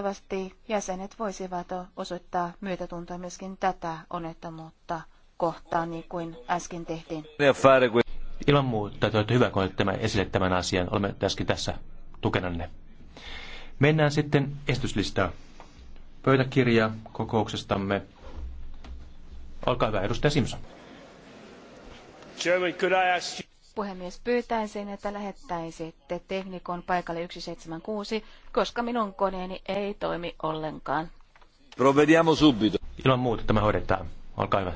Toivottavasti jäsenet voisivat osoittaa myötätuntoa myöskin tätä onnettomuutta kohtaan, niin kuin äsken tehtiin. Ilman muuta, että olette hyvä, kun olette esille tämän asian. Olemme tässäkin tässä tukenanne. Mennään sitten esityslistaan. Pöytäkirja kokouksestamme. Olkaa hyvä, edustaja Simpson. German, could I ask you... Puhemies pyytäisin, että lähettäisitte teknikon paikalle 176, koska minun koneeni ei toimi ollenkaan. Provediamo subito. Ilman muuta tämä hoidetaan. Olkaa hyvä.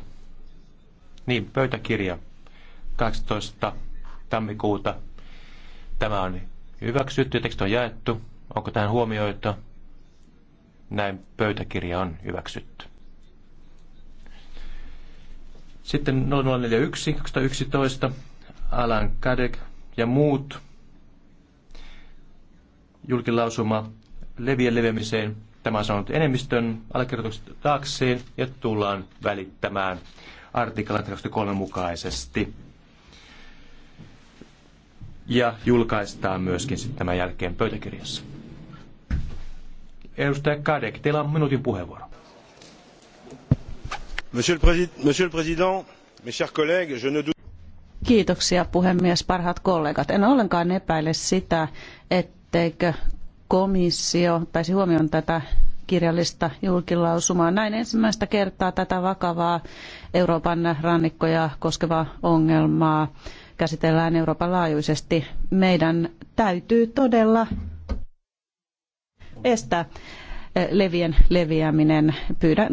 Niin, pöytäkirja 12. tammikuuta. Tämä on hyväksytty ja teksti on jaettu. Onko tähän huomioita? Näin pöytäkirja on hyväksytty. Sitten 0041 2011 Alan Kadek ja muut julkilausuma levien levemiseen. Tämä on saanut enemmistön allekirjoitukset taakseen ja tullaan välittämään artiklan 23 mukaisesti. Ja julkaistaan myöskin sitten tämän jälkeen pöytäkirjassa. Edustaja Kadek, teillä on minuutin puheenvuoro. Monsieur le Président, mes chers collègues, je ne doute Kiitoksia puhemies, parhaat kollegat. En ollenkaan epäile sitä, etteikö komissio ottaisi huomioon tätä kirjallista julkilausumaa. Näin ensimmäistä kertaa tätä vakavaa Euroopan rannikkoja koskevaa ongelmaa käsitellään Euroopan laajuisesti. Meidän täytyy todella estää levien leviäminen. Pyydän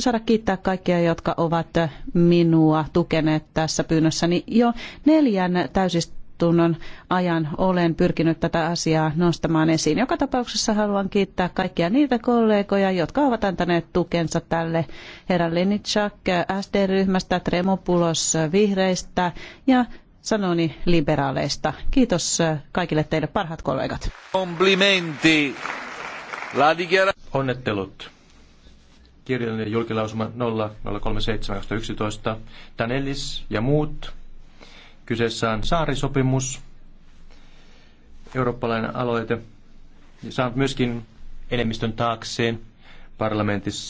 saada kiittää kaikkia, jotka ovat minua tukeneet tässä pyynnössäni. Jo neljän täysistunnon ajan olen pyrkinyt tätä asiaa nostamaan esiin. Joka tapauksessa haluan kiittää kaikkia niitä kollegoja, jotka ovat antaneet tukensa tälle. Herra Lenitschak SD-ryhmästä, Tremopulos vihreistä ja sanoni liberaaleista. Kiitos kaikille teille parhaat kollegat. Komplimenti. Onnettelut kirjallinen julkilausuma 0037 11 Tanelis ja muut. Kyseessä on saarisopimus, eurooppalainen aloite, ja saanut myöskin enemmistön taakseen parlamentissa.